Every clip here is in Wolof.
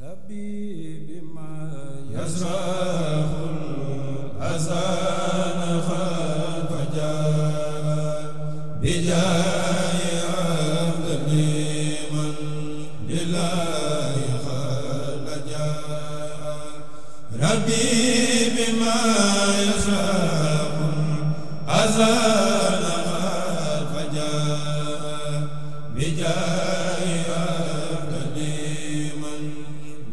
rabbi bi ma yasaqul azaa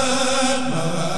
Allahu